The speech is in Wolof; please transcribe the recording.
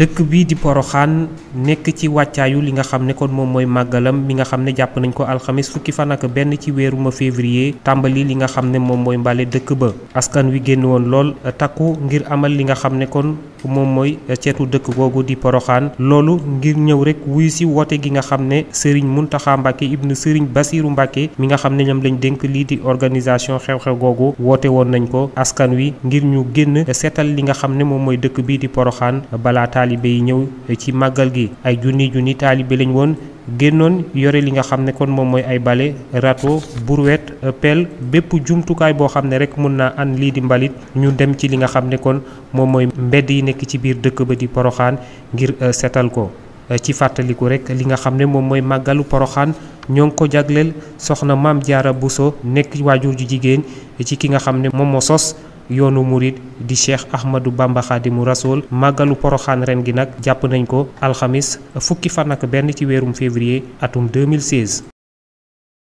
dëkk bi di poroxaan nekk ci wàccaayu li nga xam ne kon moom mooy màggalam mi nga xam ne jàpp nañ ko alxamis fukki fan ak benn ci weeruma février tàmbali li nga xam ne moom mooy mbale dëkk ba askan wi génn woon lool takku ngir amal li nga xam ne kon moom mooy ceetu dëkk googu di poroxaan loolu ngir ñëw rek wuyu si woote gi nga xam ne sëriñ Muntaxa Mbàkke ibnu sëriñ Basiiru Mbàkke mi nga xam ne ñoom lañ dénk lii di organisation xew-xew googu woote woon nañ ko askan wi ngir ñu génn seetal li nga xam ne moom mooy dëkk bi di poroxaan talibé yi ñew eh, ci magal gi ay junni junni talibé lañ won gennon yore li nga xamné kon mom moy ay bale rato brouette pel bép jumtu kay bo xamné rek mun an li di mbalit ñu dem ci li nga xamné kon mom moy mbéd yi nekk ci biir dëkk ba di poroxaan ngir eh, setal ko eh, ci fàttaliku rek li nga xamné mom moy magalu màggalu ñong ko jagleel soxna mam jaara buso nekk wajur ju jigen ci ki nga xamné mom mo sos yoonu murit di cheikh ahmadou bamba xaadimu rasoul màggalu poroxaan ren gi nag jàpp nañ ko alxamis fukki fan ak benn ci weerum février atum 2016